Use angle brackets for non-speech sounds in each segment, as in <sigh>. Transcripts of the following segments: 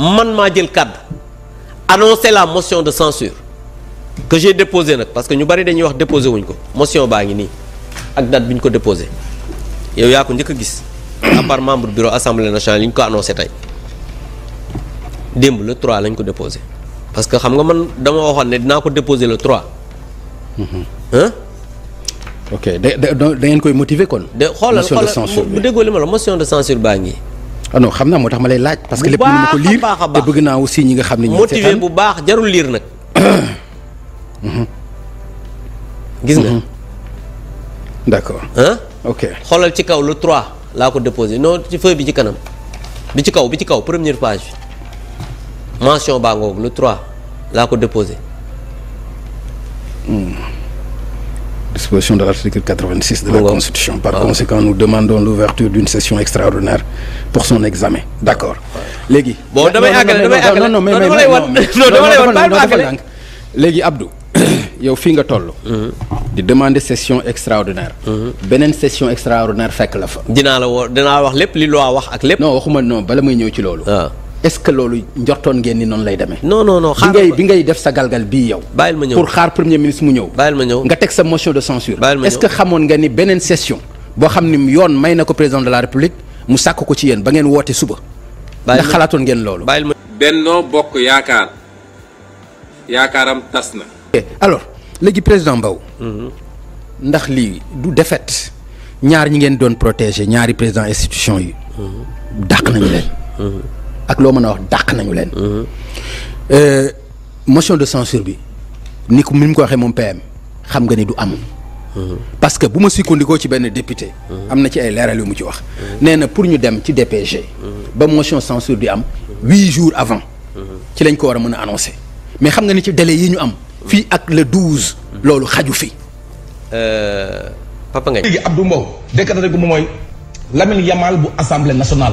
man ma jël kàddu annoncer la motion de censure que j'ai déposé nak parce que ñu bari dañuy wax déposer wuñ ko motion baangi ni ak date bi ko déposer yow ya ko ñëk gis à part membre bureau assemblée nationale ñu ko annoncer tay démb le 3 lañ ko déposer parce que xam nga man dama waxone ne dinaa ko déposer le 3. Mm-hmm. hein ok da da da ngeen koy motiver kon. de xoolal xoolal bu déggoo li ma la motion de censure baangi ah xam naa moo tax ma lay laaj. parce que lépp mënu ma ko liir te bëgg naa xam ne. ñu motivé bu baax jarul liir nag. <coughs> gis nga. Mhm. d' accord. xoolal ci kaw le 3 laa ko déposé non ci feuille bi ci kanam bi ci kaw bi ci kaw première page bi mention baa ngoog le 3 laa ko déposé. de l'article 86 de la Constitution. Par conséquent, nous demandons l'ouverture d'une session extraordinaire pour son examen. D'accord. Légui. bon non non Abdou yow non nga mm-hmm. demander session extraordinaire. une mm-hmm. session extraordinaire fait la la non non non est-ce que loolu njortoon ngeen ni noonu lay demee. non non non xaaral bi ngay bi ngay def sa galgal bii yow. bàyyil ma ñëw pour xaar premier ministre mu ñëw. bàyyil ma ñëw nga teg sa motion de censure. bàyyil ma ñëw est-ce que xamoon nga ni beneen session boo xam ni yoon may na ko président de la république mu sàkk ko ci yéen ba ngeen woote suba. bàyyil ndax xalaatoon ngeen loolu. bàyyil ma Benno Bokk Yaakaar yaakaaram tas na. Eh, alors léegi président Mbow. Mhm. ndax lii du défaite ñaar ñi ngeen doon protéger ñaari président institution yi. Mhm. dàq nañu leen. Mhm ak lo wax nañu euh, motion de censure bi ni ko pas ko waxe mom PM xam nga ni du parce que buma ma ci un député. amna ci ay un yu mu ci wax. que pour ñu dem ci DPG. ba motion censure di am huit jours avant. ci lañ ko wara a annoncer mais xam nga ni ci délai yi ñu am. fi ak le 12, lolu xaju fi. Euh, Papa Ngagne Abdou Mbow rek assemblée nationale.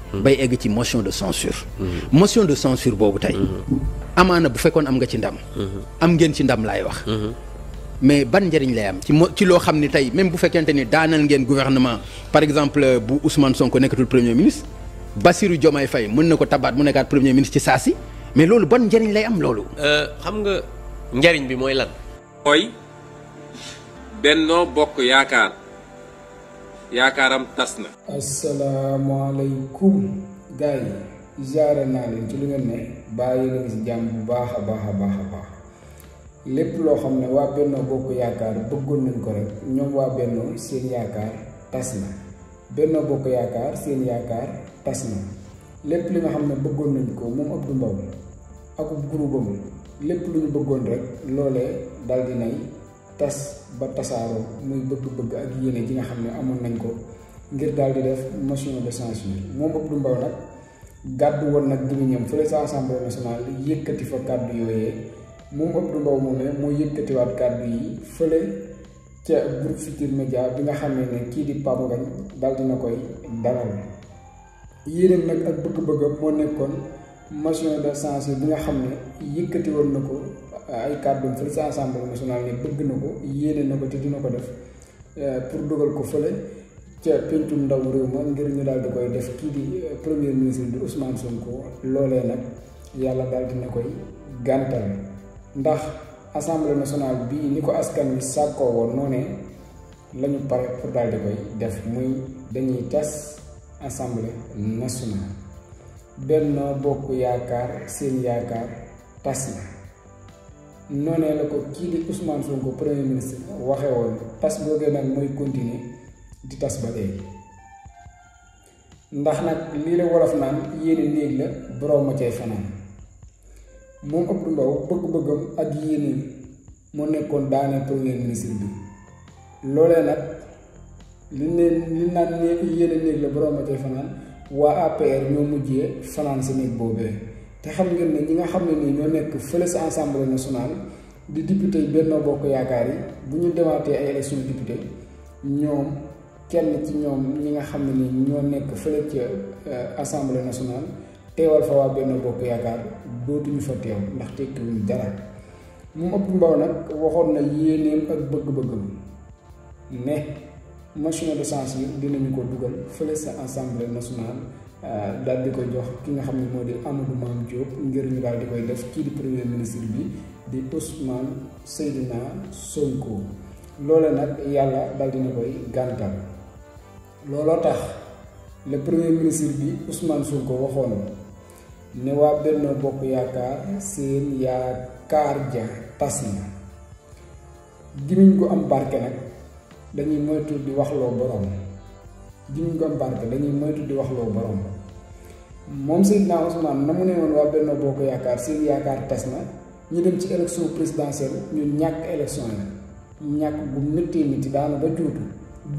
Hmm. bay egg ci motion de censure hmm. motion de censure boobu tey hmm. amaana bu fekkoon am nga ci ndam am ngeen ci ndam laay wax mais ban njëriñ lay am ci mo même bu fekkente ni ngeen gouvernement par exemple euh, bu Ousmane Sonko nekkatul premier ministre Bassirou Diomaye Faye mën na ko mu premier ministre ci saa mais loolu ban njëriñ lay am loolu euh, xam nga njëriñ bi Benno Bokk yakar yaakaaram tas na. asalaamaaleykum gars yi ziare naa leen ci lu ngeen ne bàyyi leen si jàmm bu baax a baax a baax lépp loo xam ne waa Bennoo Bokk Yaakaar bëggoon nañ ko rek ñoom waa Bennoo seen yaakaar tas na Bennoo Bokk Yaakaar seen yaakaar tas na lépp li nga xam ne bëggoon nañ ko moom Abdou Mbow ak groupe am lépp lu ñu bëggoon rek loole dal di nay. tas ba tasaaroo muy bëgg-bëgg ak yene gi nga xamne ne nañ ko ngir dal di def motion de censure du mbaw nak gaddu won nak nag ñëm fële sa assemblée nationale yëkëti fa kàddu yooyee moom Abdou Mbow moom ne yëkëti waat kàddu yi fële ci groupe futur Médias bi nga xamne ne ki di Pape Ngagne daal dina koy dalal yene nak ak bëgg bëgg mo nekkon motion de censure bi nga xamne yëkëti won nako Euh, ay kàddoom fële ci assemblée nationale ne dëgg na ko yéene na ko te dina ko def euh, pour dugal ko fële ca péncum ndaw réew ma ngir ñu daal di koy def kii di euh, premier ministre di Ousmane ko loolee nag yàlla daal dina koy gàntal ndax assemblée nationale bi ni ko askan wi sàkkoo woon noonee la ñu pare pour daal di koy def muy dañuy tas assemblée nationale Benno Bokk Yaakaar seen yaakaar tas na noonee la ko kii di Ousmane Sonko premier ministre waxee tas boogee nag mooy continuer di tas ba léegi ndax nag lii la wolof naan yéene néeg la borom ma cay fanaan moom Abdou Mbow bëgg-bëggam ak yéeneem moo nekkoon daaneel premier ministre bi loolee nag li ne li naan ne yéene néeg la borom ma cay fanaan waa APR ñoo mujjee fanaan sa néeg boobee te xam nga ne ñi nga xam ne nii ñoo nekk fële sa assemblée nationale di député yi Benno Bokk Yaakaar yi bu ñu demaatee ay élection député ñoom kenn ci ñoom ñi nga xam ne ni ñoo nekk fële ca euh, assemblée nationale teewal fa waa benn Bokk Yaakaar dootuñu fa teew ndax tekkiwuñ dara moom ëpp mbaw nag waxoon na yéeneem ak bëgg-bëggam ne motion de censure dinañu ko dugal fële sa ensemble nationale Eh, dal di ko jox ki nga xam ne moo di Amadou mam Diop ngir ñu daal di koy def kii di premier ministre bi di Ousmane Seydina Sonko loole nag yàlla dal dina koy gàntal looloo tax le premier ministre bi Ousmane Sonko waxoon ne waa Benno Bokk Yaakaar seen yaakaar ja tas na gimiñ ko am barke nag dañuy moytu di waxloo borom gimiñ ko am barke dañuy moytu di waxloo borom moom Seydina Ousmane na mu ne woon waa Benno Bokk Yaakaar seen yaakaar tes na ñu dem ci élection présidentielle ñu ñàkk élection yi ñàkk bu métti métti daana ba juutu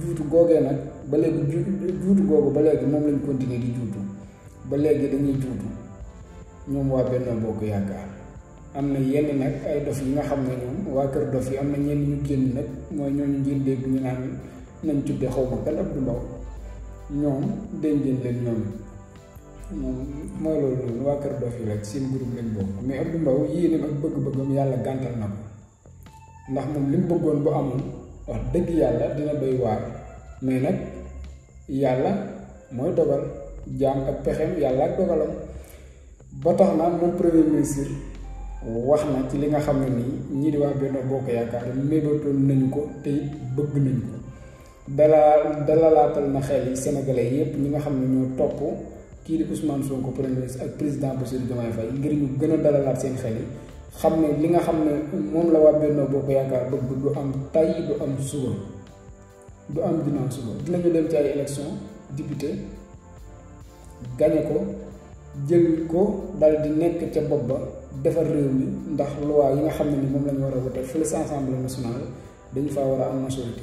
juutu googee nag ba léegi juutu googu ba léegi moom lañ continuer di juutu ba léegi dañuy juutu ñoom waa Benno Bokk Yaakaar am na yenn nag ay dof yi nga xam ne ñoom waa kër dof yi am na ñenn ñu génn nag mooy ñooñu ngeen dégg ñu naan nañ tuddee xaw ma kan Abdou Mbow ñoom denc leen ñoom. moom mooy loolu noonu waa Kër Dof yi rek seen groupe lañ bokk mais Abdou Mbow yéeneem ak bëgg-bëggam yàlla gàntal na ko ndax moom li mu bëggoon bu amoon wax dëgg yàlla dina doy waar mais nag yàlla mooy dogal jaam ak pexem yàlla ak dogalam ba tax na moom premier ministre wax na ci li nga xam ne nii ñii di waa Benno Bokk Yaakaar mébatoon nañu ko te it bëgg nañu ko dalaa dalalaatal na xel yi sénégalais yépp ñi nga xam ne ñoo topp kii di Ousmane Sonko premier ministre ak président Bassirou Diomaye Faye ngir ñu gën a dalalaat seen xel yi xam ne li nga xam ne moom la waa Benno Bokk Yaakaar bëgg du am tay du am suba du am ginnaaw suba dinañu dem ci ay élection député gañe ko jël ko dal di nekk ca bopp ba defar réew mi ndax loi yi nga xam ne ni moom la ñu war a wote fële sa assemblée nationale dañu faa war a am majorité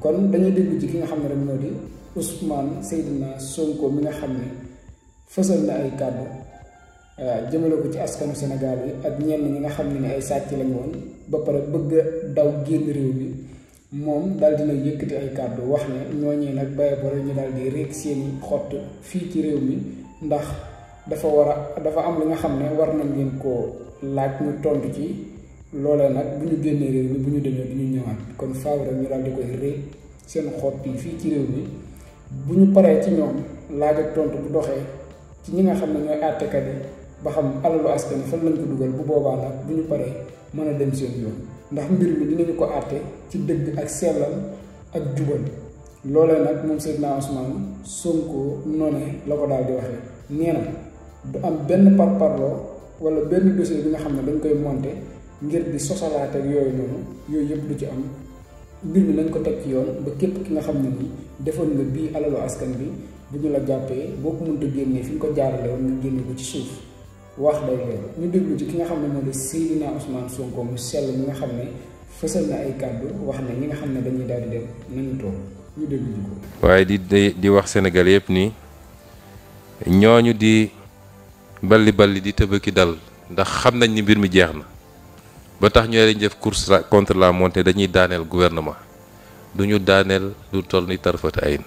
kon dañuy dégg ci ki nga xam ne rek moo di Ousmane Seydina Sonko mi nga xamné fessel na ay kàddu euh, jëmelo ko ci askanu Sénégal yi ak ñen ñi nga xamné ay sacc lañ woon ba paré bëgg daw génn réew mi mom dal dina yëkëti ay kaddu wax ne ñooñee nag bàyyi boro ñu dal di rek seen xott fi ci réew mi ndax dafa wara dafa am li nga xamné war nañ leen ko laaj ñu tontu ci lolé nak bu ñu génnee réew mi bu ñu demee ñu ñëwaat kon faaw rek ñu dal di koy rek seen xott fi ci réew mi bu ñu paree ci ñoom laaj ak tontu bu doxee ci ñi nga xam ne ñooy àttekat yi ba xam alalu askan fan lañ ko dugal bu boobaa nag bu ñu paree mën a dem seen yoon ndax mbir mi dinañu ko àtte ci dëgg ak sellal ak jubal loolee nag moom Seydina Ousmane Sonko noonee la ko daal di waxee nee na du am benn parparloo wala benn dossier bi nga xam ne dañ koy monter ngir di sosalaate ak yooyu noonu yooyu yëpp du ci am mbir mi nañ ko teg ci yoon ba képp ki nga xam ne nii defoon nga bii alalu askan bi bu ñu la jàppee boo ko mënta génnee fi nga ko jaarale woon nga génne ko ci suuf wax day leer ñu déglu ci ki nga xam ne moo di Seydina Ousmane Sonko mu sell mi nga xam ne fësal na ay kàddu wax ne ñi nga xam ne dañuy daal di dem nañu toog ñu déglu ji ko. waaye di di wax Sénégal yëpp ni ñooñu di balli balli di tëbëki dal ndax xam nañ ni mbir mi jeex na ba tax ñu leen jëf course contre la montée dañuy daanel gouvernement duñu daanel du toll ni tarfata ayin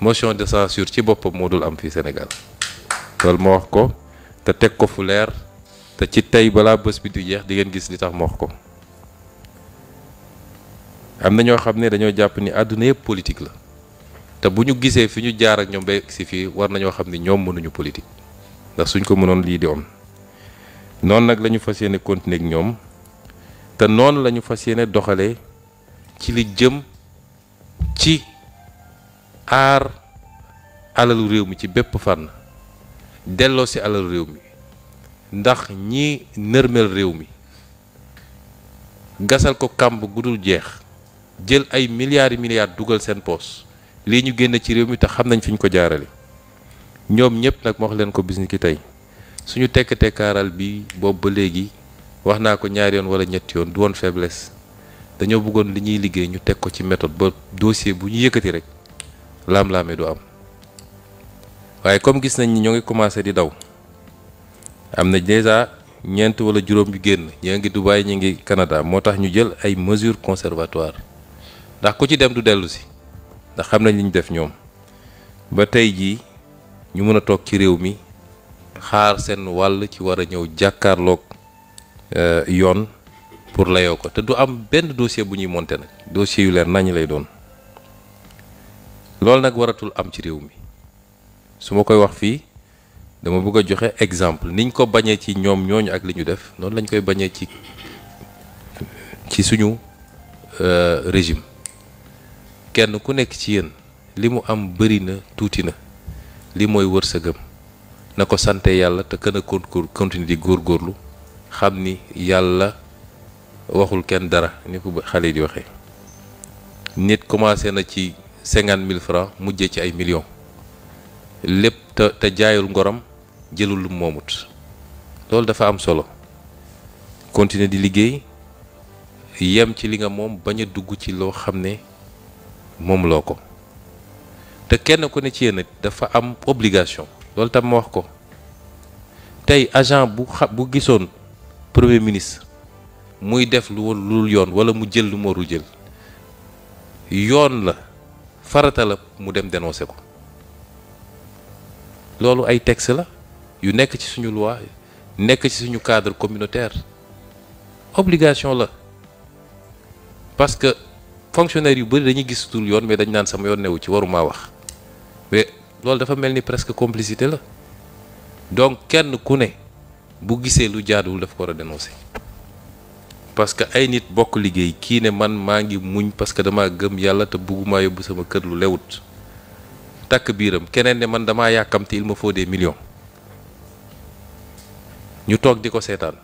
motion de censure ci bopam modul am fi Sénégal tol mo wax ko te tek ko fu leer te ci tay bala bëss bi du jeex di ngeen gis li tax mo wax ko am na ñoo xam ne dañoo jàpp ni aduna yëpp politique la te buñu gisé fiñu jaar ak ñom ba ci fi war nañu xamni ñom mënuñu politique ndax suñ ko mënon li di on non nak lañu fassiyene continuer ak ñom te noonu lañu ñu fas yéene doxalee ci li jëm ci aar alalu réew mi ci bépp fànn delloo si alalu réew mi ndax ñi nërmel réew mi gasal ko kàmb gu dul jeex jël ay milliards yi dugal seen poos lii ñu génn ci réew mi te xam nañ fi ñu ko jaarale ñoom ñëpp nag ma wax leen ko bis ki tey suñu tekk tekkaaral bi boobu ba léegi wax naa ko ñaari yoon wala ñetti yoon du woon faiblesse dañoo bëggoon li ñuy liggéey ñu teg ko ci méthode ba dossier bu ñu yëkkati rek laam-laame du am waaye comme gis nañ ni ñoo ngi commencé di daw am na déjà ñeent wala juróom yu génn ñi ngi Dubaï ñi ngi Canada moo tax ñu jël ay mesures conservatoires ndax ku ci dem du dellu si ndax xam nañ li def ñoom ba tey jii ñu mën a toog ci réew mi xaar seen wàll ci war a ñëw jàkkaarlook Euh, yoon pour layoo ko te du am benn dossier bu ñuy monte nag dossier yu leer nañu lay doon loolu nag waratul am ci réew mi su ma koy wax fii dama bëgg a joxe exemple niñ ko bañee ci ñoom ñooñu ak li ñu def noonu lañ koy bañee ci ci suñu euh, régime kenn ku nekk ci yéen li mu am bëri na tuuti na li mooy wër wërsëgam na ko sante yàlla te kën a continue di góorlu xam ni yàlla waxul kenn dara ni ko xale di waxee nit commencé na ci cinquante mille francs mujjee ci ay millions lépp te te jaayul ngoram jëlul lu moomut loolu dafa am solo continuer di liggéey yem ci li nga moom bañ a dugg ci loo xam ne moom loo ko te kenn ku ne ci yéen dafa am obligation loolu tam ma wax ko tey agent bu xa bu gisoon premier ministre muy def lu lul yoon wala mu jël lu mu warul jël yoon la farata la mu dem dénoncer ko loolu ay texte la yu nekk ci suñu loi nekk ci suñu cadre communautaire obligation la parce que fonctionnaire yu bari dañuy gis tul yoon mais dañ naan sama yoon newu ci waruma wax loolu dafa mel ni presque complicité la donc kenn ku ne bu gisee lu jaaduwul daf ko war a dénoncer parce que ay nit bokk liggéey kii ne man maa ngi muñ parce que dama gëm yàlla te bëgguma yóbbu sama kër lu lewut takk biiram keneen ne man damaa yàkkamti il me faut des millions ñu toog di ko seetaan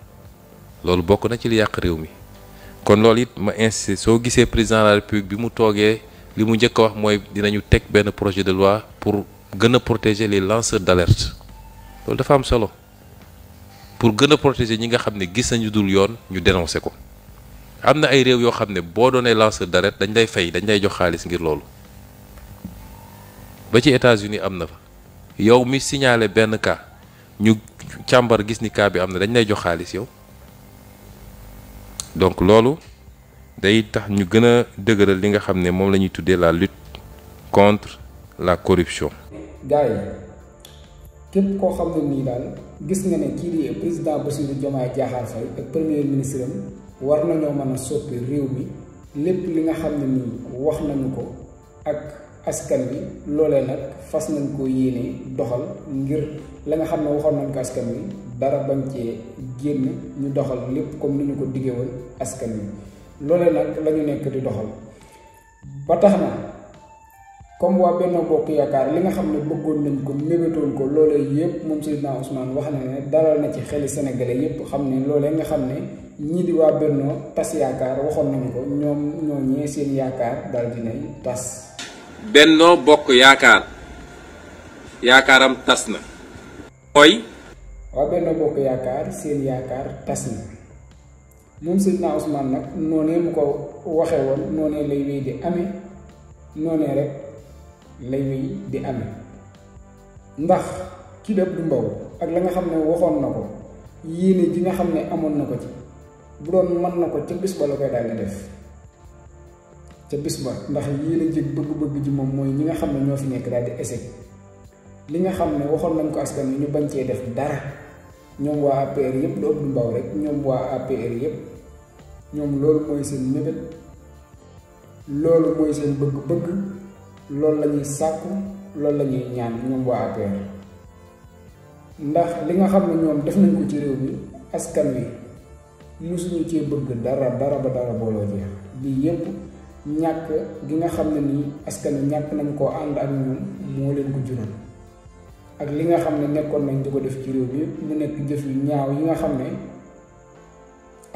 loolu bokk na ci li yàq réew mi kon loolu ma insisté soo gisee président de la république bi mu toogee li mu njëkk wax mooy dinañu teg benn projet de loi pour gën protéger les lanceurs d'alerte loolu dafa am solo pour gën a protéger ñi nga xam ne gis nañu dul yoon ñu dénoncé ko am na ay réew yoo xam ne boo doonee lanceur d'alerte dañ lay fay dañ lay jox xaalis ngir loolu ba ci États-Unis am na fa yow mi signalé benn cas ñu càmbar gis ni cas bi am na dañ lay jox xaalis yow donc loolu day tax ñu gën a dëgëral li nga xam ne moom la ñuy tuddee la lutte contre la corruption. képp koo xam ne nii daal gis nga ne kii di président Bassirou Diomaye Diakhar Faye ak premier ministre war nañoo mën a soppi réew mi lépp li nga xam ne nii wax nañu ko ak askan bi loolee nag fas nañ ko yéene doxal ngir la nga xam ne waxoon nañ ko askan wi dara bañ cee génn ñu doxal lépp comme ni ñu ko diggee woon askan wi loolee nag la ñu nekk di doxal ba tax na comme waa Benno Bokk Yaakaar li nga xam ne bëggoon nañ ko mébétoon ko loolee yëpp moom Seydina Ousmane wax na ne dalal na ci xeli sénégalais yëpp xam ne loolee nga xam ne ñii di waa Benno tas yaakaar waxoon nañu ko ñoom ñoo ñee seen yaakaar daal dinay tas Benno Bokk Yaakaar yaakaaram tas na mooy waa Bokk Yaakaar seen yaakaar tas na moom Seydina Ousmane nag noonee mu ko waxe woon noonee lay wéy di amee noonee rek la ñuy di amee ndax kii dëpp du mbaw ak la nga xam ne waxoon na ko yéene ji nga xam ne amoon na ko ci bu doon mën na ko ca bis la koy daal di def ca bis ba ndax yéene ji bëgg-bëgg ji moom mooy ñi nga xam ne ñoo fi nekk daal di essayer li nga xam ne waxoon nañ ko askan wi ñu bañ cee def dara ñoom waa APR yëpp du ëpp du rek ñoom waa APR yëpp ñoom loolu mooy seen mébét loolu mooy seen bëgg-bëgg. lol la ñuy sàkku loolu la ñuy ñaan ñom wa APR ndax li nga xamni ñom def nañ ko ci rew mi askan wi musuñu ci bëgg dara dara ba dara lo jeex lii yépp ñak gi nga xamni ni askan ñak nañ ko and ak ñoom mo leen ko jural ak li nga xamni nekkon nañ diko ko def ci rew bi mu nekk jëf yu ñaaw yi nga xam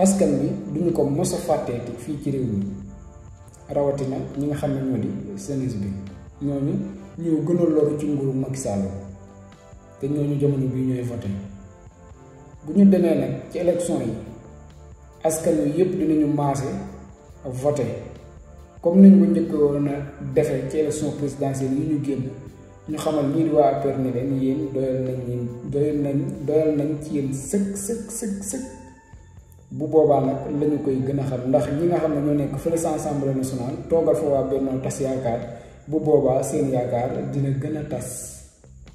askan bi duñ ko mësa a fi fii ci rew mi rawatina ñi nga xam ne ñoo di jeunesse bi ñooñu ñoo gën a loru ci nguuru Macky Sall te ñu jamono bii ñooy voté bu ñu demee nag ci élection yi askan wi yëpp dinañu maase voté comme niñ ko njëkkoon a defee ci élection présidentielle yi ñu génn ñu xamal ñii di waa APR ne leen yéen doyal nañ doyal nañ ci yéen sëkk sëkk sëkk sëkk. bu boobaa nag lañu koy gën a xam ndax ñi nga xam ne ñoo nekk fële sa assemblée nationale toogal fa waa Benno Tas Yaakaar bu boobaa seen yaakaar dina gën a tas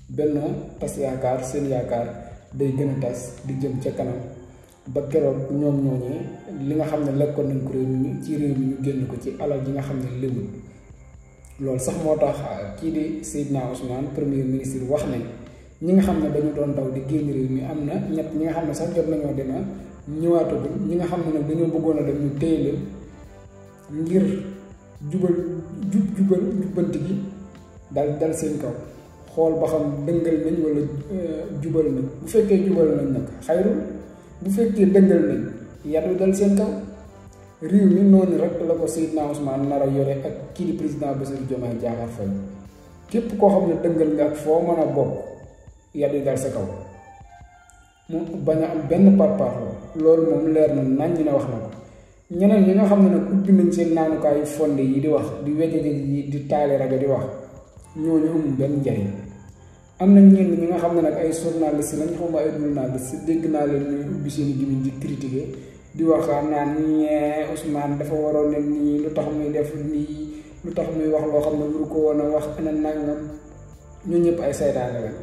Benno Tas Yaakaar seen yaakaar day gën a tas di jëm ca kanam ba keroog ñoom ñooñu li nga xam ne lekkoon nañ ko réew mi ci réew mi ñu génn ko ci alal ji nga xam ne léwul loolu sax moo tax kii di Seydina Ousmane premier ministre wax nañ ñi nga xam ne dañu doon daw di génn réew mi am na ñett ñi nga xam ne sax jot nañoo demee. ñëwaatagul ñi nga xam ne nag dañoo bëggoon a dem ñu téye leen ngir jubal jub jubal jubbanti gi dal dal seen kaw xool ba xam dëngal nañ wala euh, jubal nañ bu fekkee jubal nañ nag xayrul bu fekkee dëngal nañ yadu dal seen kaw réew mi noonu rek la ko Seydina Ousmane nar a yore ak kii di président Bassirou Diomaye Diakhar Faye képp koo xam ne dëngal nga foo mën a bokk yadu dal sa kaw mu bañ a am benn par loolu moom leer na nañ ñu ne wax na ko ñeneen ñi nga xam ne nag ubbi nañ seen naanukaayu fonde di wax di wejjate yi di taale rajo di wax ñooñu benn njariñ am na ñenn nga xam ne nag ay journaliste lañ xaw ma ay journaliste dégg naa leen ñuy ubbi seen gémmiñ di critiquer di wax naan ñee eh, Ousmane dafa waroon ne nii lu tax muy def nii lu tax muy wax loo xam ne waru ko woon a wax ana nangam ñun ñëpp ay saytaane lañ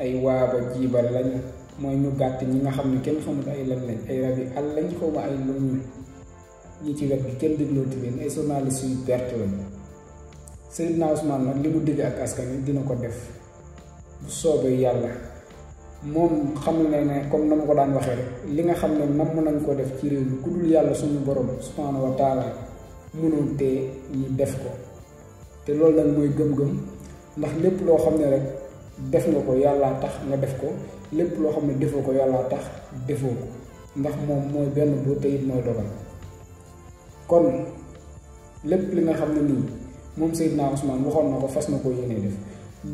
ay waaba jiibal lañ. mooy ñu gàtt ñi nga xam ne kenn xam ay lan lañ ay rab yi àll lañ xaw ma ay luñu ñi ci wet gi kenn déglooti leen ay journaliste yu perte lañ Seydina Ousmane nag li mu digg ak askan wi dina ko def bu soobee yàlla moom xam ne ne comme na ma ko daan waxee rek li nga xam ne ma nam nañ ko def ci réew mi ku dul yàlla suñu borom subhaanahu wa taala mënul te ñu def ko te loolu nag mooy gëm-gëm ndax lépp loo xam ne rek def nga ko yàllaa tax nga def ko lépp loo xam ne defoo ko yàllaa tax defoo ko ndax moom moo benn bu te it mooy dogal kon lépp li nga xam ne nii moom Seydina Ousmane waxoon na ko fas na ko yéene def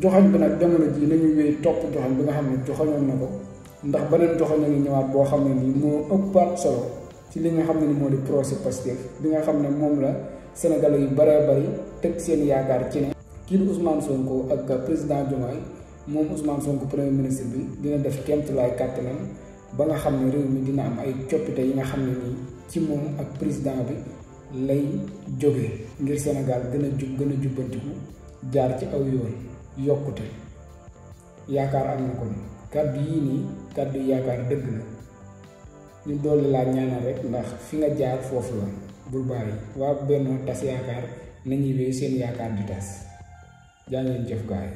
joxoñ bi nag jamono ji nañu wéy topp bi nga xam ne joxoñoon na ko ndax beneen joxoñ a ngi ñëwaat boo xam ne nii moo ëppaat solo ci li nga xam ne ni moo di procès Pastef bi nga xam ne moom la Sénégalais yu baree bari teg seen yaakaar ci ne kii di Ousmane Sonko ak président Diomaye moom Ousmane Sonko premier ministre bi dina def kéemtulaay kàttanam ba nga xam ne réew mi dina am ay coppite yi nga xam ne nii ci moom ak président bi lay jógee ngir Sénégal gën a jub gën a jubbantiku jaar ci aw yoon yokkute yaakaar am na ko ni kàddu yii nii kàddu yaakaar dëgg na ñu dolli laa ñaanal rek ndax fi nga jaar foofu la bul bàyyi waa benn tas yaakaar nañuy wéy seen yaakaar di tas jaa ngeen jëf gaay